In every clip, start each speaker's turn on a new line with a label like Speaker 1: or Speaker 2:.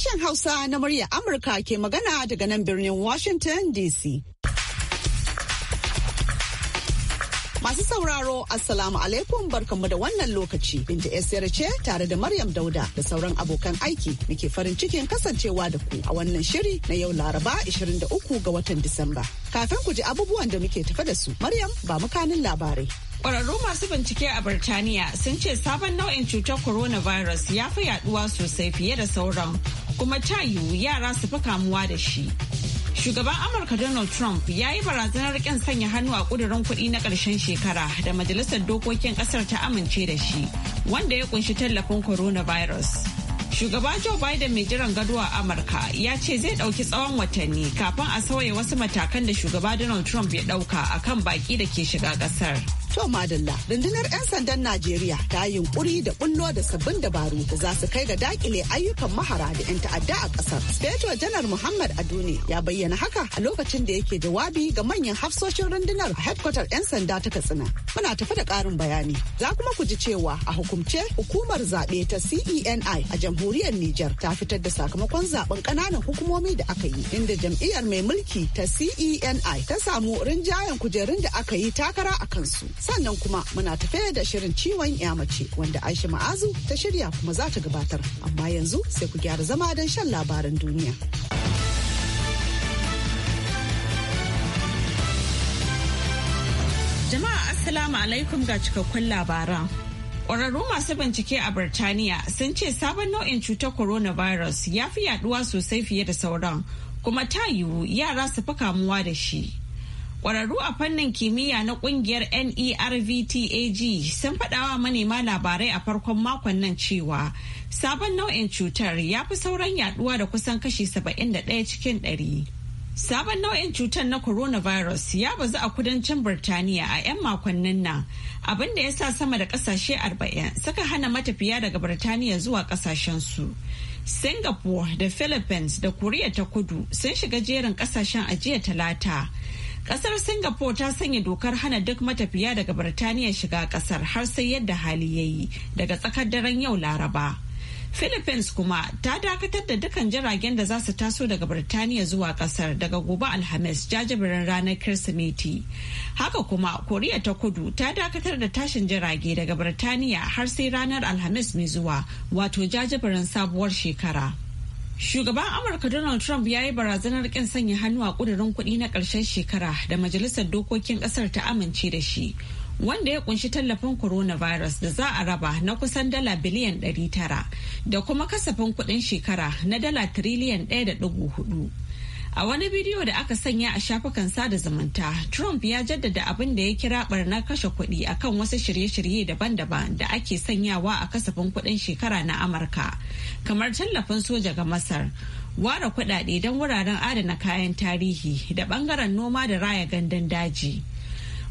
Speaker 1: Sashen Hausa na murya Amurka ke magana daga nan birnin Washington DC. Masu sauraro, Assalamu alaikum barkanmu da wannan lokaci. Binta ya ce tare da Maryam Dauda da sauran abokan aiki muke farin cikin kasancewa da ku a wannan shiri na yau Laraba 23 ga watan Disamba. Kafin ku ji abubuwan da muke tafa da su, Maryam ba mukanin labarai.
Speaker 2: Kwararru masu bincike a Birtaniya sun ce sabon nau'in cutar coronavirus ya fi yaduwa sosai fiye da sauran kuma ta yiwu yara su fi kamuwa da shi. Shugaban Amurka Donald Trump ya yi barazanar ƙin sanya hannu a ƙudurin kuɗi na ƙarshen shekara da Majalisar Dokokin ƙasar ta amince da shi, wanda ya kunshi tallafin coronavirus. Shugaba Joe Biden mai jiran gado a Amurka ya ce zai ɗauki tsawon watanni kafin a sauya wasu matakan da shugaba Donald Trump ya ɗauka a kan baƙi da ke shiga ƙasar.
Speaker 1: To Madalla, rundunar 'yan sandan Najeriya ta yi yunƙuri da ƙullo da sabbin dabaru da za su kai ga dakile ayyukan mahara da 'yan ta'adda a ƙasar. Speto Janar Muhammad Adune ya bayyana haka a lokacin da yake jawabi ga manyan hafsoshin rundunar a headquarter 'yan sanda ta Katsina. Muna tafi da ƙarin bayani. Za kuma ku ji cewa a hukumce hukumar zaɓe ta CENI a jamhuriyar Nijar ta fitar da sakamakon zaɓen ƙananan hukumomi da aka yi inda jam'iyyar mai mulki ta CENI ta samu rinjayen kujerun da aka yi takara a kansu. sannan kuma muna tafe da shirin ciwon mace wanda aisha ma'azu ta shirya kuma za ta gabatar amma yanzu sai ku gyara zama don
Speaker 2: shan labaran duniya jama'a assalamu alaikum ga cikakkun labaran Ƙwararru masu bincike a Birtaniya sun ce sabon nau'in cutar coronavirus ya fi yaduwa sosai fiye da sauran, kuma ta yiwu yara su fi kamuwa da shi. Kwararru a fannin kimiyya na kungiyar NERVTAG sun faɗawa manema labarai a farkon makon nan cewa sabon nau'in cutar ya fi sauran yaduwa da kusan kashi 71 cikin 100. Sabon nau'in cutar na coronavirus ya bazu a kudancin Birtaniya a 'yan makonnin nan, abin da ya sa sama da kasashe 40 suka hana matafiya daga Birtaniya zuwa su. Singapore da Philippines da Korea ta kudu sun shiga jerin kasashen a talata. Kasar Singapore ta sanya dokar hana duk matafiya daga Birtaniya shiga kasar har sai yadda hali ya yi daga tsakar daren yau Laraba. Philippines kuma ta dakatar da dukkan jiragen da za su taso daga Birtaniya zuwa kasar daga gobe Alhamis jajibirin ranar Kirsimeti. Haka kuma Koriya ta kudu ta dakatar da tashin jirage daga Birtaniya har sai ranar Alhamis mai zuwa wato jajibirin sabuwar shekara. Shugaban Amurka Donald Trump ya yi barazanar ƙin sanya hannu a ƙudurin kuɗi na ƙarshen shekara da Majalisar Dokokin ƙasar ta amince da shi, wanda ya ƙunshi tallafin coronavirus da za a raba na kusan dala biliyan ɗari tara da kuma kasafin kuɗin shekara na dala tiriliyan 1.4. A wani bidiyo da aka sanya a shafukan sada zumunta, Trump ya jaddada abin da ya kira barnar kashe kuɗi akan wasu shirye-shirye daban-daban da ake sanyawa a kasafin kuɗin shekara na Amurka, kamar tallafin soja ga Masar, ware kuɗaɗe don wuraren adana kayan tarihi da ɓangaren noma da raya gandun daji.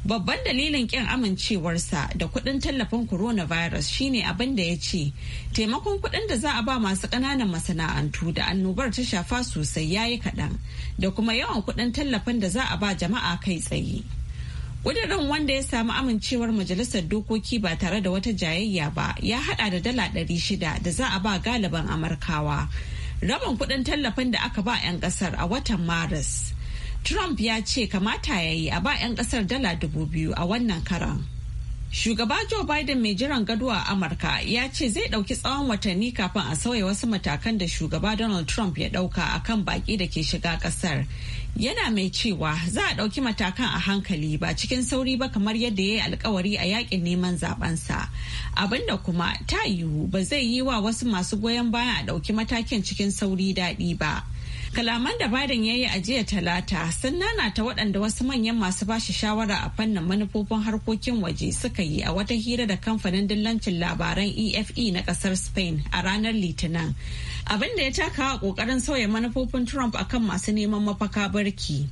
Speaker 2: babban dalilin kin amincewarsa da kudin tallafin coronavirus shine abin da ya ce taimakon kudin da za a ba masu ƙananan masana'antu da annobar ta shafa sosai ya yi kaɗan da kuma yawan kudin tallafin da za a ba jama'a kai tsaye ƙudirin wanda ya samu amincewar majalisar dokoki ba tare da wata jayayya ba ya haɗa da dala ɗari shida da za a ba galiban amurkawa rabin kudin tallafin da aka ba 'yan ƙasar a watan maris Trump ya ce kamata ya yi a ba 'yan kasar dala dubu biyu a wannan karan. Shugaba Joe Biden mai jiran gado a Amurka ya ce zai ɗauki tsawon watanni kafin a sauya wasu matakan da shugaba Donald Trump ya ɗauka a kan baƙi da ke shiga ƙasar. Yana mai cewa za a ɗauki matakan a hankali ba cikin sauri ba kamar yadda ya yi alkawari a yakin neman zabensa. Abinda kuma ta yiwu ba zai yi wa wasu masu goyon bayan a ɗauki matakin cikin sauri daɗi ba. Kalaman da Biden ya yi a jiya talata sun nana ta waɗanda wasu manyan masu bashi shawara a fannin manufofin harkokin waje suka yi a wata hira da kamfanin dillancin labaran EFE e na ƙasar Spain a ranar Litinin. Abin da ya taka wa ƙoƙarin sauya manufofin Trump akan masu neman mafaka barki.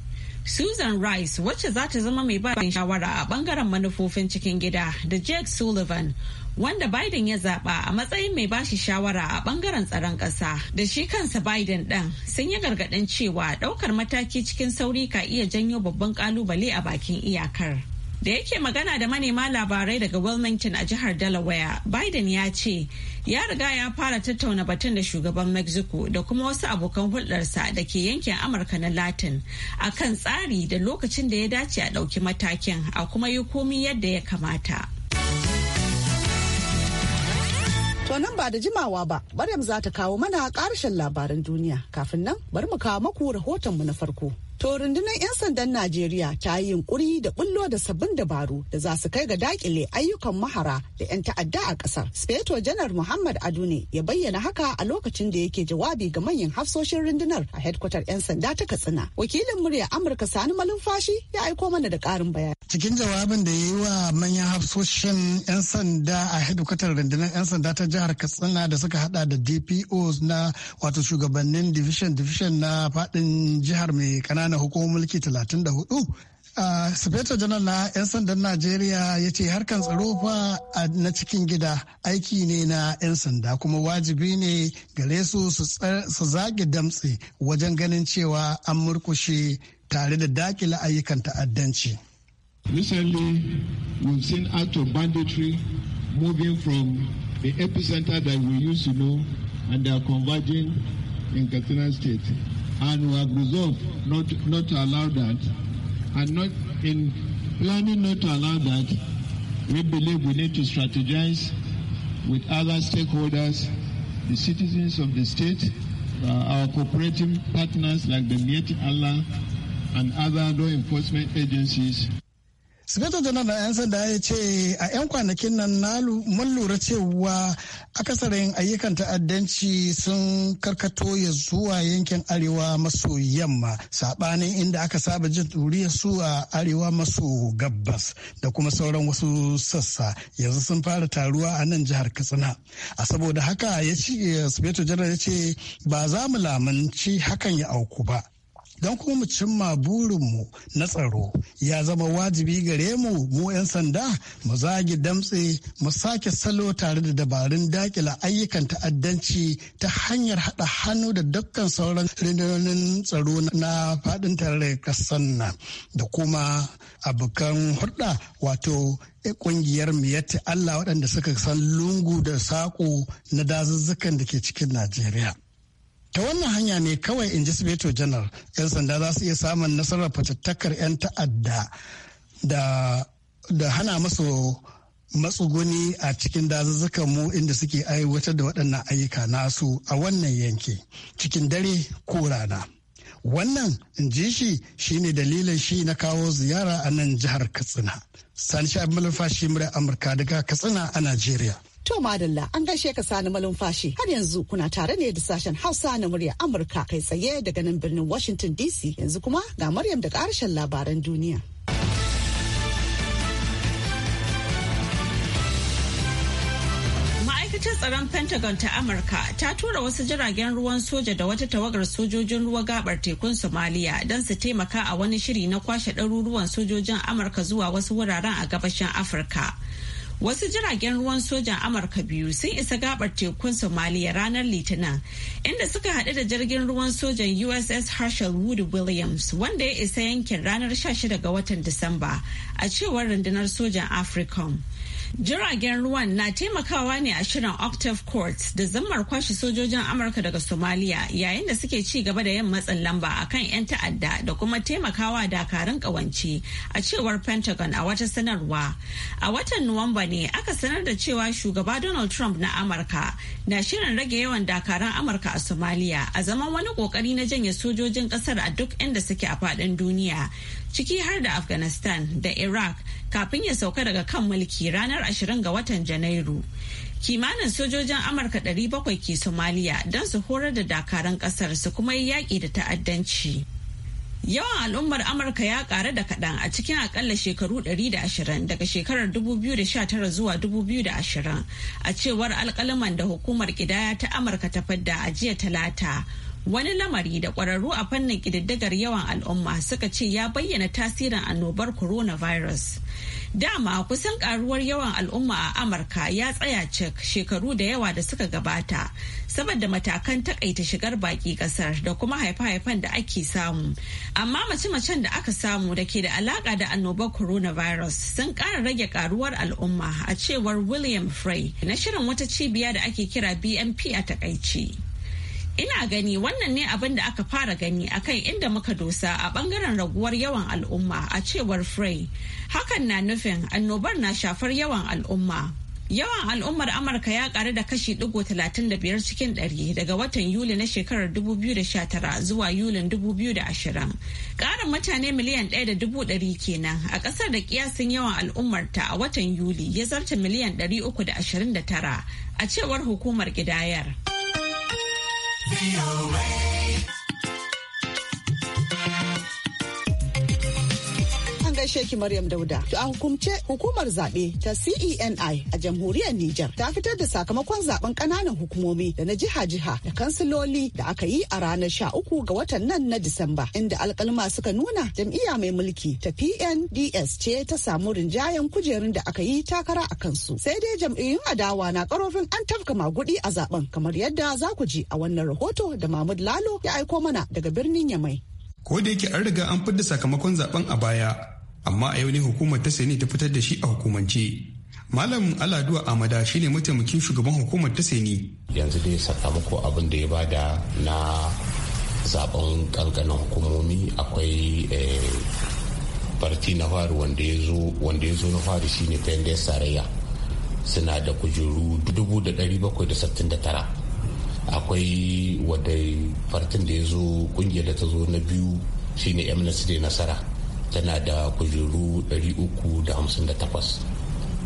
Speaker 2: Susan Rice wacce za ta zama mai bayan shawara a bangaren manufofin cikin gida da Jake Sullivan wanda Biden ya zaba a matsayin mai bashi shawara a bangaren tsaron ƙasa da shi kansa Biden ɗin sun yi gargaɗin cewa ɗaukar mataki cikin sauri ka iya janyo babban ƙalubale a bakin iyakar. da yake magana da manema labarai daga wilmington a jihar delaware biden ya ce ya riga ya fara tattauna batun da shugaban mexico da kuma wasu abokan hulɗarsa da ke yankin amurka na latin a kan tsari da lokacin da ya dace a ɗauki matakin a kuma yi komi yadda ya kamata
Speaker 1: To nan ba da jimawa ba, Maryam za ta kawo mana ƙarshen labaran duniya kafin nan bari mu kawo maku rahotonmu na farko. To rundunar 'yan sandan Najeriya ta yi yunkuri da bullo da sabbin dabaru da za su kai ga dakile ayyukan mahara da 'yan ta'adda a ƙasar. Speto Janar Muhammad Adune ya bayyana haka a lokacin da yake jawabi ga manyan hafsoshin rundunar a hedkwatar 'yan sanda ta Katsina. Wakilin murya Amurka Sani Malumfashi ya aiko mana da ƙarin bayani.
Speaker 3: cikin jawabin da ya yi wa manyan hafsoshin 'yan sanda a hedikwatar rundunar 'yan sanda ta jihar katsina da suka hada da dpos na wato shugabannin division division na fadin jihar mai kananan hukumar mulki 34 Uh, janar na 'yan sandan Najeriya ya ce harkar tsaro fa na cikin gida aiki ne na 'yan sanda kuma wajibi ne gare su su zage damtse wajen ganin cewa an murkushe tare da dakila ayyukan ta'addanci. Recently, we've seen acts of banditry moving from the epicenter that we used to know, and they are converging in Katsina State. And we have resolved not, not to allow that. And not in planning not to allow that, we believe we need to strategize with other stakeholders, the citizens of the state, uh, our cooperating partners like the Mieti Allah and other law enforcement agencies. sakatar janar na 'yan sanda ya ce a 'yan kwanakin nan na mun lura cewa akasarin ayyukan ta'addanci sun karkato ya zuwa yankin arewa maso yamma sabanin inda aka saba jin turiyar su a arewa maso gabas da kuma sauran wasu sassa yanzu sun fara taruwa a nan jihar katsina a saboda haka ya ce janar ya ce ba za mu lamunci hakan ya auku ba don kuma mu cimma burinmu na tsaro ya zama wajibi gare mu mu 'yan sanda mu zagi damtse mu sake salo tare da dabarun dakila ayyukan ta'addanci ta hanyar haɗa hannu da dukkan sauran rundunonin tsaro na faɗin tare kasan nan da kuma abokan hulɗa wato kungiyar miyatti Allah waɗanda suka san lungu da saƙo na dazuzzukan da ke cikin Najeriya. ta wannan hanya ne kawai in ji sabeto janar 'yan sanda za su iya samun nasarar fatattakar 'yan ta'adda da hana masu matsuguni a cikin dazuzzukan mu inda suke aiwatar da waɗannan ayyuka nasu a wannan yanki cikin dare ko rana wannan in ji shi shine dalilin shi na kawo ziyara a nan jihar katsina sani shi abin shi murar amurka daga katsina a najeriya
Speaker 1: To madalla an gaishe ka sani malumfashi har yanzu kuna tare ne da sashen Hausa na murya Amurka kai tsaye daga nan birnin Washington DC yanzu kuma ga Maryam da karshen labaran duniya.
Speaker 2: ma'aikatar tsaron pentagon ta amurka ta tura wasu jiragen ruwan soja da wata tawagar sojojin ruwa gabar tekun somaliya don su taimaka a wani shiri na kwashe ɗaruruwan sojojin amurka zuwa wasu wuraren a gabashin afirka Wasu jiragen ruwan sojan Amurka biyu sun isa gabar tekun Somaliya ranar Litinin, inda suka haɗu da jirgin ruwan sojan USS Herschel Wood Williams wanda ya isa yankin ranar 16 ga watan Disamba a cewar rundunar sojan Africom. Jiragen ruwan na taimakawa ne a shirin Octave Court da zammar kwashe sojojin Amurka daga Somalia yayin da suke ci gaba da yin matsin lamba a kan 'yan ta'adda da kuma taimakawa dakarun ƙawance a cewar Pentagon a wata sanarwa. A watan Nuwamba ne aka sanar da cewa shugaba Donald Trump na Amurka na shirin rage yawan dakarun Amurka a Somalia a zaman wani kokari na janye sojojin ƙasar a duk inda suke a faɗin duniya. ciki har da afghanistan da iraq kafin ya sauka daga kan mulki ranar 20 ga watan janairu kimanin sojojin amurka 700 ke somaliya don su horar da dakaran kasar su kuma yi yaƙi da ta'addanci yawan al'ummar amurka ya ƙaru da kaɗan a cikin akalla shekaru 120 daga shekarar 2019 zuwa 2020 a cewar alƙalaman da hukumar ƙidaya ta amurka ta fadda a jiya talata Wani lamari da ƙwararru a fannin ƙididdigar yawan al'umma suka ce ya bayyana tasirin annobar coronavirus. Dama kusan karuwar yawan al'umma a Amurka ya tsaya cik shekaru da yawa da suka gabata, saboda matakan takaita shigar baƙi ƙasar da kuma haife-haifen da ake samu. Amma mace-macen da aka samu da ke da alaƙa da annobar coronavirus sun ƙara rage karuwar al'umma a cewar William Frey na shirin wata cibiya da ake kira BMP a takaici. Ina gani wannan ne abin da aka fara gani akan inda muka dosa a bangaren raguwar yawan al'umma a cewar Frey. Hakan na nufin annobar na shafar yawan al'umma. Yawan al'ummar Amurka ya karu da kashi digo 35 cikin 100 daga watan Yuli na shekarar 2019 zuwa Yulin 2020. Karin mutane miliyan 1.100 kenan a kasar da kiyasin yawan al'ummarta a watan Yuli ya zarta miliyan 329 a cewar hukumar gidayar.
Speaker 4: Be away.
Speaker 1: gaishe ki Maryam Dauda. To a hukumce hukumar zaɓe ta CENI a jamhuriyar Nijar ta fitar da sakamakon zaben ƙananan hukumomi da na jiha-jiha da kansiloli da aka yi a ranar sha uku ga watan nan na Disamba inda alkalma suka nuna jam'iyya mai mulki ta PNDS ce ta samu rinjayen kujerun da aka yi takara a kansu. Sai dai jam'iyyun adawa na karofin an tafka magudi a zaben kamar yadda za ku ji a wannan rahoto da Mahmud Lalo ya aiko mana daga birnin Yamai.
Speaker 5: Ko da yake an riga an fidda sakamakon zaben a baya, amma a yau ne hukumar ta sani ta fitar da shi a hukumance Malam Aladuwa Amada shine mataimakin shugaban hukumar ta sani.
Speaker 6: Yanzu dai sakamako abin da ya bada na zaben kankanin hukumomi akwai farti eh, na faru wanda ya zo wanda ya zo na fari shine pendes sarayya suna da kujeru tara akwai wadai fartin da ya zo kungiyar da ta zo na biyu shine amnesty nasara tana da kujeru 358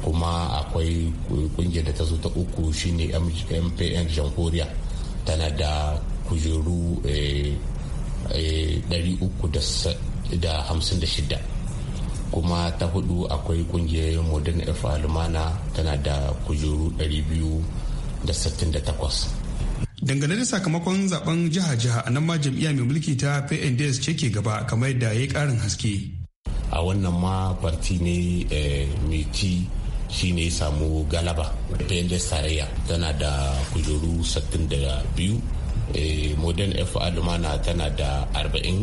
Speaker 6: kuma akwai kungiyar da ta zo ta uku shine mpn jamhuriya tana da kujeru 356 eh, eh, kuma ta hudu akwai kungiyar modern f alumana tana da kujeru 268
Speaker 5: dangane da sakamakon zaben jiha-jiha a nan ma jam'iyya mai mulki ta pnds ce ke gaba kamar yadda ya karin haske a
Speaker 6: wannan ma farti ne eh, mai ci shi ne samu galaba pnds tarayya tana da kujeru 62 eh, modern fa lumana tana da 40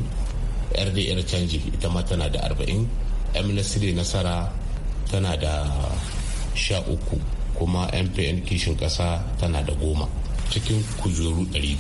Speaker 6: rdr canji ita ma tana da 40 amnesty nasara tana da 13 kuma mpn kishin kasa tana da goma cikin kujeru 200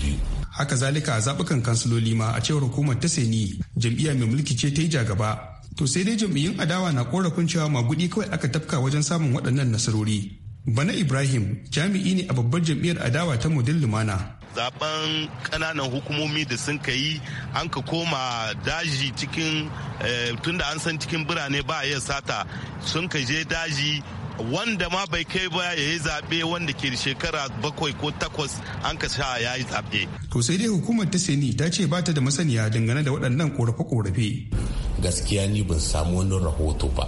Speaker 5: haka zalika a zaɓukan kansiloli ma a cewar hukumar ta seni jam'iyya mai mulki ce ta yi jagaba to sai dai jam'iyyun adawa na korafin cewa magudi kawai aka tafka wajen samun waɗannan nasarori bana ibrahim jami'i ne a babbar jam'iyyar adawa ta model lumana zaben kananan hukumomi da sun ka yi an ka koma daji cikin eh, tunda an san cikin birane ba ya sata sun ka je daji wanda ma bai kai ba ya yi zaɓe wanda ke da shekara bakwai ko takwas an ka sha ya yi zaɓe. To sai dai hukumar ta sani ta ce bata da masaniya dangane da waɗannan korafe-korafe.
Speaker 6: Gaskiya ni ban samu wani rahoto ba,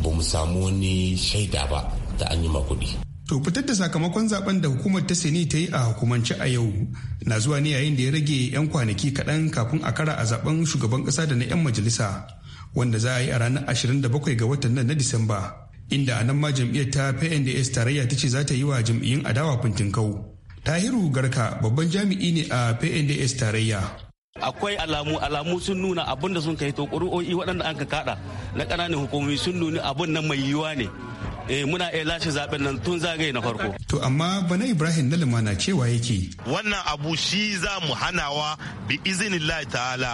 Speaker 6: ba mu samu wani shaida ba da an yi kuɗi. To
Speaker 5: fitar da sakamakon zaben da hukumar ta sani ta yi a hukumance a yau na zuwa ne yayin da ya rage 'yan kwanaki kaɗan kafin a kara a zaben shugaban ƙasa da na 'yan majalisa wanda za a yi a ranar 27 ga watan nan na Disamba. inda a nan ma jam'iyyar ta pnds tarayya ta ce za ta yi wa jam'iyyun adawa kau tahiru garka babban jami'i ne a pnds tarayya akwai alamu alamu sun nuna abin da sun kai to ƙuri'o'i waɗanda an ka kaɗa na ƙananan hukumomi sun nuna abin nan mai yiwuwa ne eh muna iya lashe zaben nan tun zagaye na farko. To amma bana Ibrahim na limana cewa yake. Wannan abu shi za mu hanawa bi izinillahi ta'ala.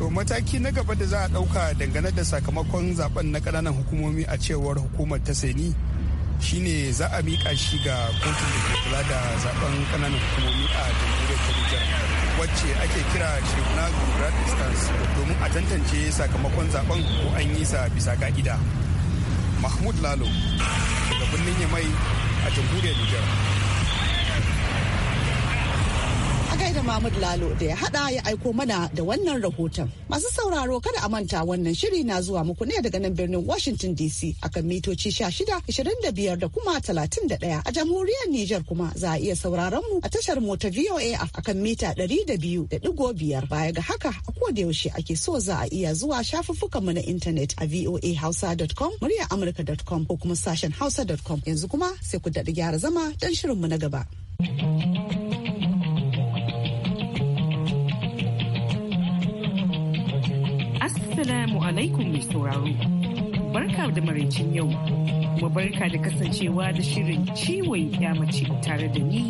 Speaker 5: To mataki na gaba da za a ɗauka dangane da sakamakon zaben na kananan hukumomi a cewar hukumar ta seni shine za a miƙa shi ga kotun da ke kula da zaben ƙananan hukumomi a jamhuriyar wacce ake kira Shekuna gura Distance domin a tantance sakamakon zaben ko an yi sa bisa ka'ida. Mahmud Lalo daga birnin Yamai a jamhuriyar Nijar.
Speaker 1: gaida Mahmud Lalo da ya hada ya aiko mana da wannan rahoton. Masu sauraro kada a manta wannan shiri na zuwa muku ne daga nan birnin Washington DC akan mitoci 16, 25 da biyar da kuma talatin da 31 a jamhuriyar Nijar kuma za a iya sauraron mu a tashar mota VOA akan mita da da biyu 200.5 baya ga haka a koda yaushe ake so za a iya zuwa shafuffukan mu na intanet a voahausa.com muryar amurka.com ko kuma sashen hausa.com yanzu kuma sai ku daɗi gyara
Speaker 7: zama don shirinmu na gaba. Assalamu alaikum mai sauraro. Barka da maraicin yau. Mu barka da kasancewa da shirin ciwon mace tare da ni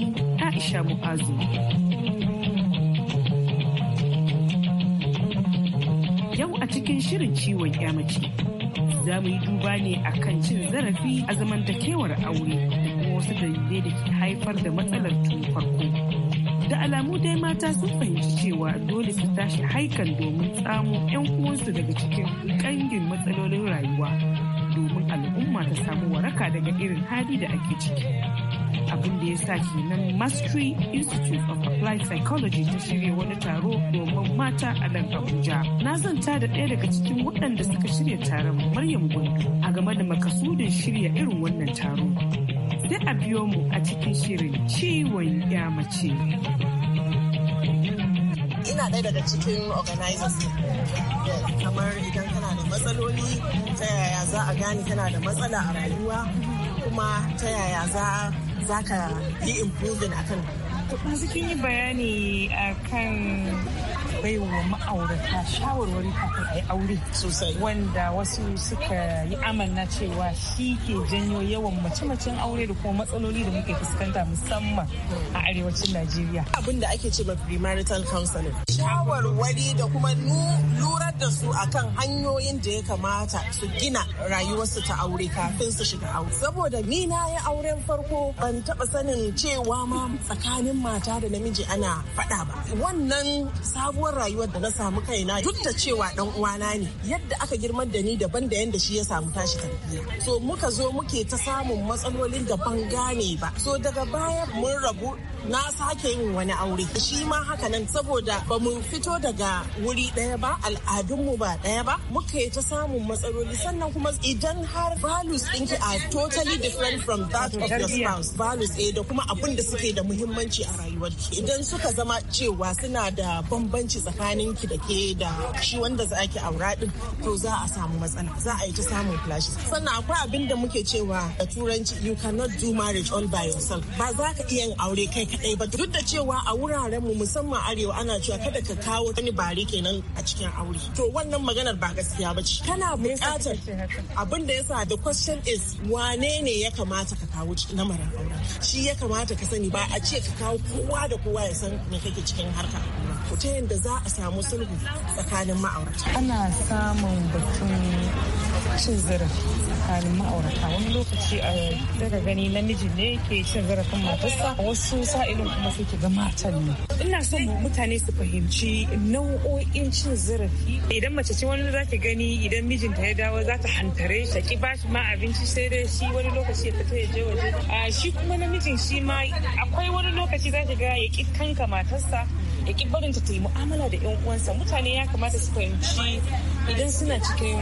Speaker 7: Aisha Mu'azu. Yau a cikin shirin ciwon mace za mu yi duba ne a kan cin zarafi a zamantakewar aure da kuma wasu dalilai da ke haifar da matsalar tun farko. da alamu dai mata sun fahimci cewa dole su tashi haikal domin tsamo 'yan uwansu daga cikin kangin matsalolin rayuwa domin al'umma ta samu waraka daga irin hali da ake ciki abin da ya sa kenan mastery institute of applied psychology ta shirya wani taro domin mata a nan abuja na zanta da ɗaya daga cikin waɗanda suka shirya taron maryam gundu a game da makasudin shirya irin wannan taro sai a biyo mu a cikin shirin ciwon ya mace.
Speaker 4: ina ɗaya daga cikin organizers eh, kamar idan kana da matsaloli ta yaya za a gane kana da matsala a rayuwa kuma ta yaya za ka yi improving akan. cikin yi bayani akan
Speaker 7: baiwa ma'aurata shawarwari kafin a yi aure sosai wanda wasu suka yi amanna cewa shi ke janyo yawan mace-macen aure da kuma matsaloli da
Speaker 4: muke fuskanta musamman a arewacin Najeriya. Abin da ake ce ma premarital counseling. Shawarwari da kuma lura da su akan hanyoyin da ya kamata su gina rayuwarsu ta aure kafin su shiga aure. Saboda ni na yi auren farko ban taɓa sanin cewa ma tsakanin mata da namiji ana faɗa ba. Wannan sabuwar farkon rayuwar da na samu kaina duk da cewa dan uwana ne yadda aka girma da ni daban da yadda shi ya samu tashi tarbiyya so muka zo muke ta samun matsalolin da ban gane ba so daga baya mun rabu na sake yin wani aure shi ma haka nan saboda ba mu fito daga wuri ɗaya ba al'adunmu ba ɗaya ba muka yi ta samun matsaloli sannan kuma idan har values ɗinki a totally different from that of your spouse values eh da kuma abin da suke da muhimmanci a rayuwar idan suka zama cewa suna da bambanci tsakanin ki da ke da shi wanda za ki aura din to za a samu matsala za a yi ta samun clashes sannan akwai abin da muke cewa a turanci you cannot do marriage all by yourself ba za ka iya yin aure kai kadai ba duk da cewa a wuraren mu musamman arewa ana cewa kada ka kawo wani bari kenan a cikin aure to wannan maganar ba gaskiya ba ce kana bukatar abin da yasa the question is wane ne ya kamata ka kawo lamarin aure shi ya kamata ka sani ba a ce ka kawo kowa da kowa ya san me kake cikin harka ta yadda za a samu sulhu tsakanin ma'aurata. Ana samun batun
Speaker 7: cin zarafi tsakanin ma'aurata wani lokaci a daga gani namiji ne ke cin zarafin matarsa wasu sa'ilin kuma suke ga matan ne. Ina son mutane su fahimci nau'o'in cin zarafi idan mace ce wani za ta gani idan mijinta ya dawo za ta hantare shi ki bashi ma abinci sai dai shi wani lokaci ya fita ya je waje. Shi kuma namijin shi ma akwai wani lokaci za ki ga ya ki kanka matarsa da ki barin ta yi mu'amala da yan uwansa mutane ya kamata su fahimci idan suna cikin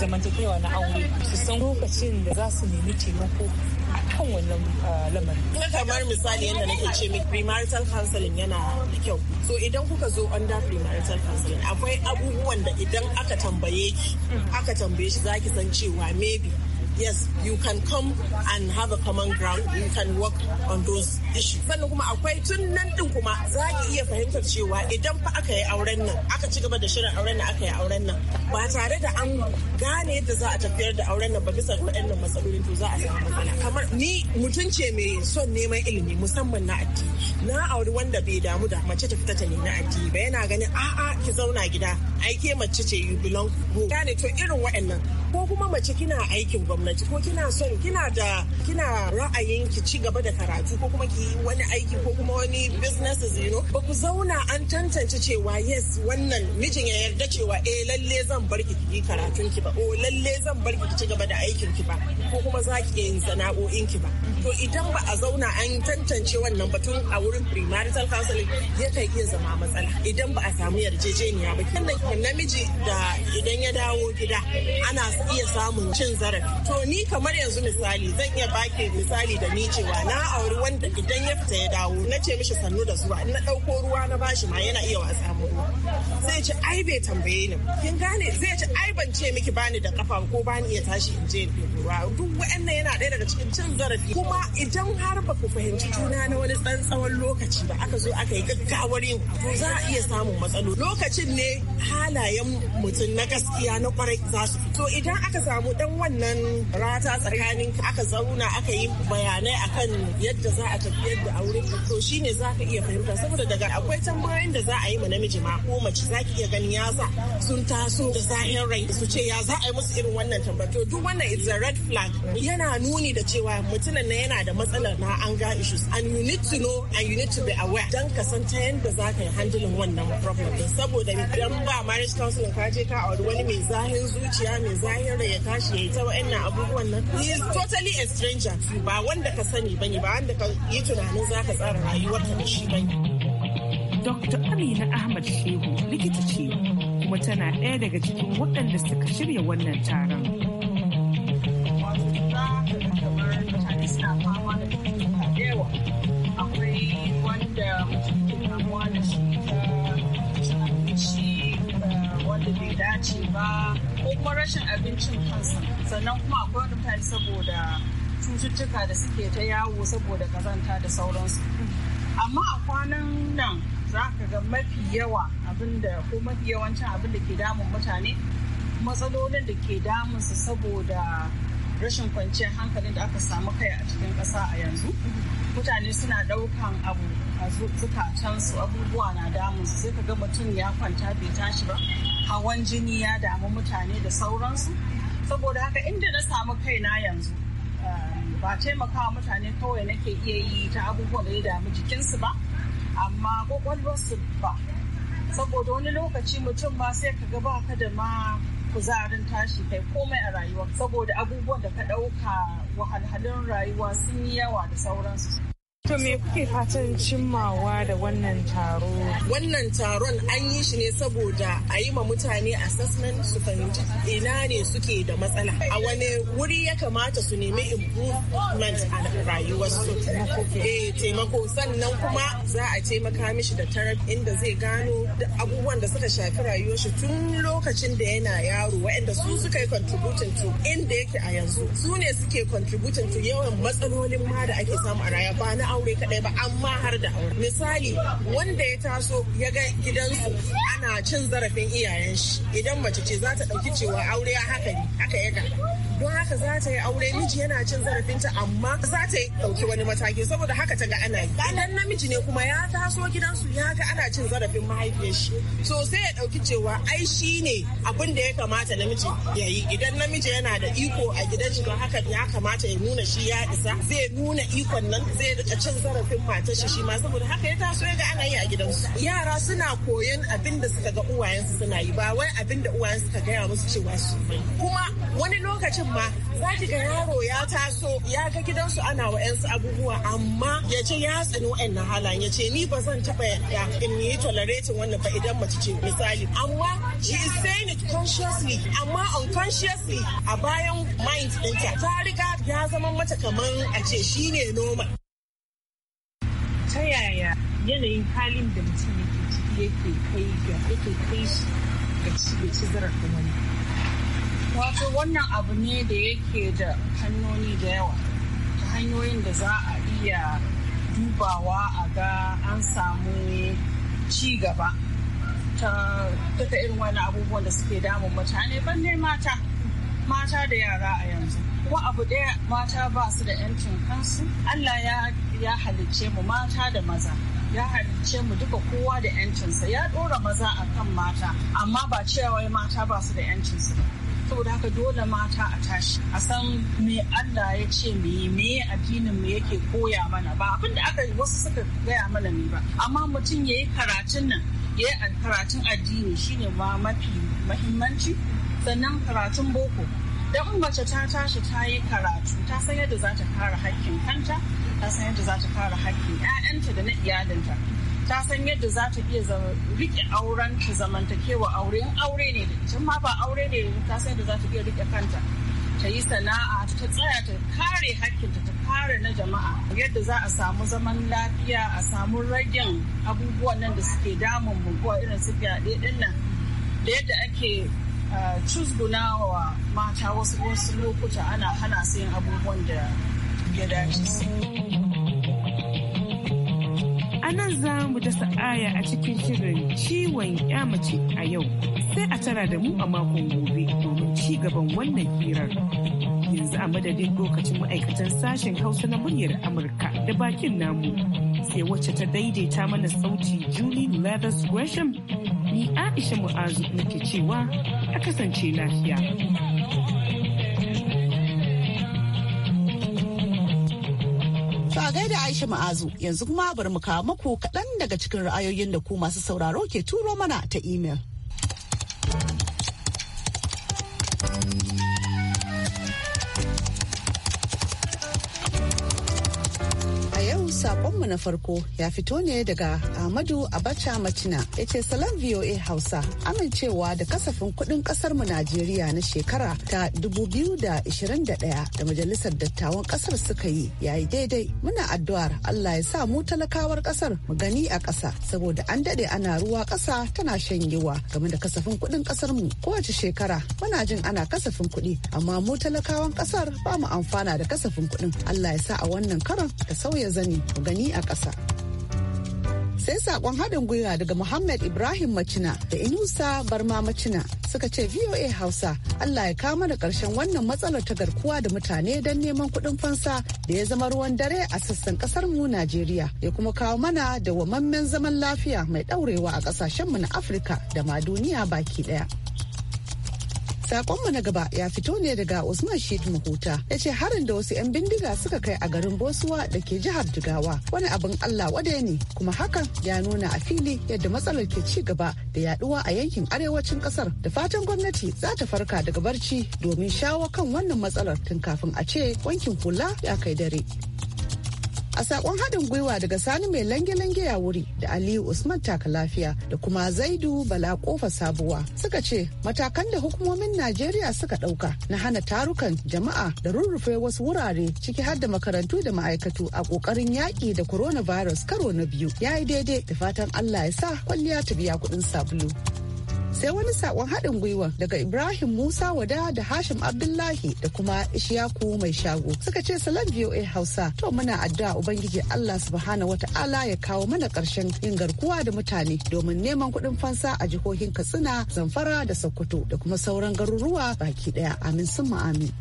Speaker 7: zamantakewa
Speaker 4: na aure su san lokacin da za su nemi taimako a kan wannan ah, lamarin. Kuma kamar misali yadda nake ce mai premarital counseling yana da kyau. So idan kuka zo under premarital counseling akwai abubuwan da idan aka tambaye ki aka tambaye shi zaki san cewa maybe yes you can come and have a common ground you can work on those issues sannan kuma akwai tun nan din kuma za ki iya fahimtar cewa idan fa aka yi auren nan aka ci gaba da shirin auren nan aka yi auren nan ba tare da an gane yadda za a tafiyar da auren nan ba bisa waɗannan matsalolin to za a samu matsala kamar ni mutum ce mai son neman ilimi musamman na addini na auri wanda bai damu da mace ta fita ta nemi addini ba yana ganin a'a ki zauna gida aike mace ce you belong home gane to irin waɗannan ko kuma mace kina aikin gwamnati gwamnati ko kina son kina da kina ra'ayin ki ci gaba da karatu ko kuma ki wani aiki ko kuma wani businesses you know ba ku zauna an tantance cewa yes wannan mijin ya yarda cewa eh lalle zan bar ki ki karatun ki ba o lalle zan bar ki ci gaba da aikin ki ba ko kuma za ki yin sana'o'in ki ba to idan ba a zauna an tantance wannan batun a wurin primarital counseling ya kai iya zama matsala idan ba a samu yarjejeniya ba kenan namiji da idan ya dawo gida ana iya samun cin zarafi to so ni kamar yanzu misali zan iya baki misali da ni cewa na auri wanda idan ya fita ya dawo na ce mishi sannu da zuwa in na ɗauko ruwa na bashi ma yana iya wasa ruwa zai ci ai bai tambaye ni kin gane zai ci ai ban ce miki bani da kafa ko bani iya tashi in je ruwa duk wa'annan yana ɗaya daga cikin cin zarafi kuma idan har ba ku fahimci juna na wani ɗan tsawon lokaci ba aka zo aka yi gaggawar yin to za a iya samun matsalo lokacin ne halayen mutum na gaskiya na kwarai za su To idan aka samu dan wannan rata tsakanin aka zauna aka yi bayanai akan yadda za a tafiyar da aure to shine za ka iya fahimta saboda daga akwai tambayoyin da za a yi ma namiji ma ko lokaci za ki iya ganin ya sa sun taso da zahin rai su ce ya za a yi musu irin wannan to duk wannan it's a red flag yana nuni da cewa mutumin na yana da matsala. na anger issues and you need to know and you need to be aware dan ka san ta yanda za ka yi handle wannan problem din saboda idan ba marriage counseling ka je ka auri wani mai zahin zuciya mai zahin rai ya tashi ya yi ta wa'annan abubuwan nan he is totally a stranger ba wanda ka sani bane ba wanda ka yi tunanin za ka tsara rayuwarka da shi bane Dr. Amina Ahmad
Speaker 7: Shehu likita ce kuma tana ɗaya daga cikin waɗanda suka shirya wannan taron.
Speaker 8: Akwai wanda mutum da shi wanda bai dace ba ko kuma rashin abincin kansa sannan kuma akwai wani mutane saboda cututtuka da suke ta yawo saboda kazanta da sauransu amma a kwanan nan za ka ga mafi yawa abinda ko mafi yawancin abin da ke damun mutane matsalolin da ke damun su saboda rashin kwanciyar hankalin da aka samu kai a cikin ƙasa a yanzu mutane suna ɗaukan abu a su abubuwa na damunsu sai ka ga mutum ya kwanta bai tashi ba hawan jini ya damu mutane da sauransu saboda haka inda na samu kai na yanzu eh, ba taimakawa mutane kawai nake iya yi ta abubuwan da ya damu jikinsu ba amma kwakwalwarsu ba saboda wani lokaci mutum ma sai ka ga baka da ma kuzarin tashi kai komai a rayuwa saboda abubuwan da ka ɗauka wahalhalun rayuwa sun yi yawa da sauransu
Speaker 4: To me kuke fatan cimmawa da wannan taro? Wannan taron an yi shi ne saboda a yi ma mutane assessment su fahimci ina ne suke da matsala. A wani wuri ya kamata su nemi improvement a rayuwarsu. Eh taimako sannan kuma za a taimaka mishi da tarab inda zai gano abubuwan da suka shafi rayuwar shi tun lokacin da yana yaro waɗanda su suka yi contributing to inda yake a yanzu. Su ne suke contributing to yawan matsalolin ma da ake samu a rayuwa aure kaɗai ba amma har da aure misali wanda ya taso ya ga gidansu ana cin zarafin iyayen shi idan mace ce za ta dauki cewa aure ya haka ne haka ya ta za ta yi aure miji yana cin zarafinta amma za ta yi ɗauki wani mataki saboda haka ta ga ana yi dan namiji ne kuma ya taso gidansu ya ga ana cin zarafin mahaifiyar shi so sai ya ɗauki cewa ai shi ne abin da ya kamata namiji ya yi idan namiji yana da iko a gidan shi don haka ya kamata ya nuna shi ya isa zai nuna ikon nan zai rika cin zarafin matar shi shi ma saboda haka ya taso ya ga ana yi a gidansu yara suna koyon abin da suka ga uwayensu suna yi ba wai abin da uwayensu suka gaya musu cewa su kuma wani lokacin ma za ga yaro ya taso ya ga gidansu ana wa yansu abubuwa amma ya ce ya tsani na halayen ya ce ni ba zan taɓa yadda in yi tolerating wannan ba idan mace ce misali amma she is saying it consciously amma unconsciously a bayan mind ɗinta ta riga ya zama mata kamar a ce shine normal. Ta yaya
Speaker 8: yanayin halin da
Speaker 4: mutum yake ciki yake kai
Speaker 8: ga yake kai shi ga ci zarafin wani. wato wannan abu ne da yake da hanyoyi da yawa ta hanyoyin da za a iya dubawa a ga an samu ci gaba ta duka irin wani abubuwan da suke damun mutane balle mata mata da yara a yanzu kuma abu ɗaya mata ba su da 'yancin kansu allah ya halicce mu mata da maza ya halicce mu duka kowa da 'yancinsa ya ɗora maza a kan mata amma ba cewa mata ba su da 'yancinsu ba saboda haka dole mata a tashi a san me Allah ya ce me me addinin mu yake koya mana ba abin da aka wasu suka gaya mana ne ba amma mutum ya yi karatun nan ya yi karatun addini shine ma mafi mahimmanci sannan karatun boko dan mace ta tashi ta yi karatu ta san yadda za ta kare hakkin kanta ta san yadda za ta kare hakkin 'ya'yanta da na iyalinta ta san yadda za ta iya rike auren ta zamantakewa aure in aure ne da ma ba aure ne ta san yadda za ta iya rike kanta ta yi sana'a ta tsaya ta kare hakkinta ta kare na jama'a yadda za a samu zaman lafiya a samu ragin abubuwan nan da suke damun buguwa irin su fyaɗe ɗin nan da yadda ake cusguna wa mata wasu wasu lokuta ana hana su yin abubuwan da ya dace.
Speaker 7: A nan za mu dasa aya a cikin shirin ciwon ya mace a yau. Sai a tara da mu a makon gobe domin ci gaban wannan hirar. Yanzu a madadin lokacin ma'aikatan sashen Hausa na muryar Amurka da bakin namu. Sai wacce ta daidaita mana sauti Julie Leathers Gresham. Ni Aisha Mu'azu nake cewa a kasance lafiya. To
Speaker 1: gaida Aisha Ma'azu yanzu kuma bari mu kawo muku kaɗan daga cikin ra'ayoyin da ku masu sauraro ke turo mana ta imel. mu na farko ya fito ne daga Ahmadu Abacha Macina ya ce salam VOA Hausa amincewa da kasafin kuɗin mu Najeriya na shekara ta 2021 da Majalisar Dattawan kasar suka yi ya yi daidai muna addu'ar Allah ya sa mu talakawar kasar mu gani a ƙasa saboda an dade ana ruwa ƙasa tana shanyewa game da kasafin kudin kuɗin mu kowace shekara muna jin ana kasafin kuɗi amma mu talakawan ƙasar ba mu amfana da kasafin kudin Allah ya sa a wannan karon ta sauya zani mu gani a ƙasa. Sai saƙon haɗin gwiwa daga Muhammad Ibrahim Macina da Inusa Barma Macina suka ce VOA Hausa Allah ya kama da ƙarshen wannan matsalar ta garkuwa da mutane don neman kuɗin fansa da ya zama ruwan dare a sassan ƙasar mu Najeriya ya kuma kawo mana da wamammen zaman lafiya mai ɗaurewa a ƙasashenmu na Afirka da ma duniya baki ɗaya. Sakonmu na gaba ya fito ne daga Usman Sheikh Mahuta. Ya ce harin da wasu 'yan bindiga suka kai a garin Bosuwa da ke jihar Jigawa wani abin Allah wada ne kuma hakan ya nuna a fili yadda matsalar ke ci gaba da yaduwa a yankin arewacin kasar da fatan gwamnati za ta farka daga barci domin shawo kan wannan matsalar tun kafin a ce wankin hula ya kai dare. a sakon haɗin gwiwa daga sani mai lange-lange ya wuri da aliyu usman taka lafiya da kuma zaidu bala kofa sabuwa suka ce matakan da hukumomin najeriya suka ɗauka na hana tarukan jama'a da rurrufe wasu wurare ciki har da makarantu da ma'aikatu a ƙoƙarin yaƙi da coronavirus karo na biyu ya yi daidai da fatan allah ya sa kwalliya ta biya kuɗin sabulu. sai wani sakon haɗin gwiwa daga ibrahim musa wada da hashim abdullahi da kuma ishaku mai shago suka ce salam voa hausa to muna addu'a ubangiji allah subhanahu wata'ala ya kawo mana ƙarshen yin garkuwa da mutane domin neman kuɗin fansa a jihohin katsina zamfara da sokoto da kuma sauran garuruwa baki ɗaya amin sun amin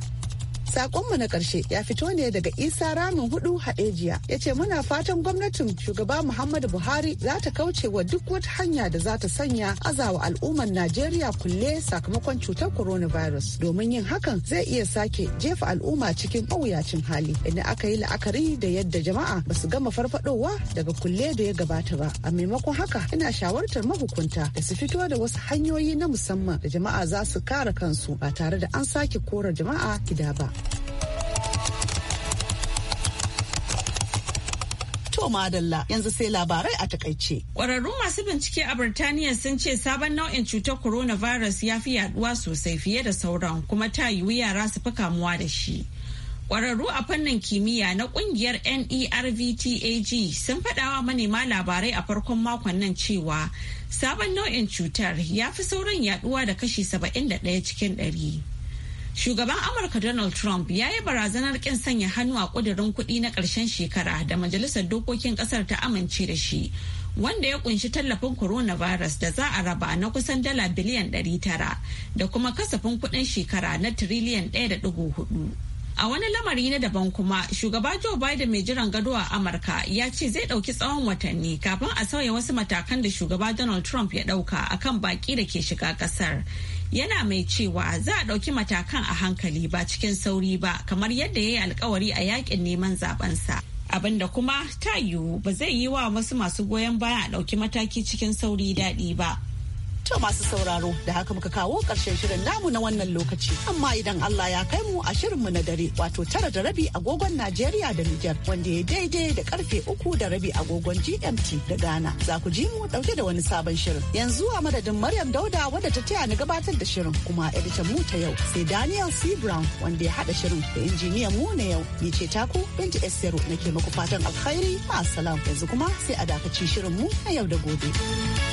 Speaker 1: Sakonmu na ƙarshe ya fito ne daga Isa Ramin Hudu haɗejiya Ya ce muna fatan gwamnatin shugaba Muhammadu Buhari za ta kauce wa duk wata hanya da za ta sanya azawa al'ummar Najeriya kulle sakamakon cutar coronavirus. Domin yin hakan zai iya sake jefa al'umma cikin mawuyacin hali idan aka yi la'akari da yadda jama'a ba su gama farfadowa daga kulle da ya gabata ba. A maimakon haka ina shawartar mahukunta da su fito da wasu hanyoyi na musamman da jama'a za su kare kansu ba tare da an sake kora jama'a gida ba. To madalla yanzu sai labarai a takaice.
Speaker 2: Kwararrun masu bincike a Birtaniya sun ce sabon nau'in cutar coronavirus ya fi yaduwa sosai fiye da sauran kuma ta yiwu yara su fi kamuwa da shi. Kwararru a fannin kimiyya na kungiyar NERVTAG sun faɗawa manema labarai a farkon makon nan cewa sabon nau'in cutar ya fi sauran yaduwa da kashi 71 cikin ɗari. Shugaban Amurka Donald Trump ya yi barazanar kin sanya hannu a kudirin kuɗi na ƙarshen shekara da Majalisar Dokokin ƙasar ta amince da shi, wanda ya kunshi tallafin coronavirus da za a raba na kusan dala biliyan ɗari tara da kuma kasafin kuɗin shekara na tiriliyan hudu. A wani lamari na daban kuma, shugaba Joe Biden mai jiran gado a Amurka ya ce zai ɗauki tsawon watanni kafin a sauya wasu matakan da shugaba Donald Trump ya ɗauka akan baƙi da ke shiga ƙasar. yana mai cewa za a ɗauki matakan a hankali ba cikin sauri ba kamar yadda ya yi alkawari a yakin neman zabensa da kuma ta yiwu ba zai yi wa wasu masu goyon baya a ɗauki mataki cikin sauri daɗi ba
Speaker 1: To masu sauraro da haka muka kawo ƙarshen shirin namu na wannan lokaci. Amma idan Allah ya kai mu a shirinmu na dare wato tara da rabi agogon Najeriya da Nijar wanda ya daidai da karfe uku da rabi agogon GMT da Ghana. Za ku ji mu ɗauke da wani sabon shirin. Yanzu a madadin Maryam Dauda wanda ta taya ni gabatar da shirin kuma editan mu ta yau sai Daniel C. Brown wanda ya haɗa shirin da injiniyan mu na yau. Ni ce taku Binti Esero nake muku fatan alkhairi. salam yanzu kuma sai a dakaci shirin mu na yau da gobe.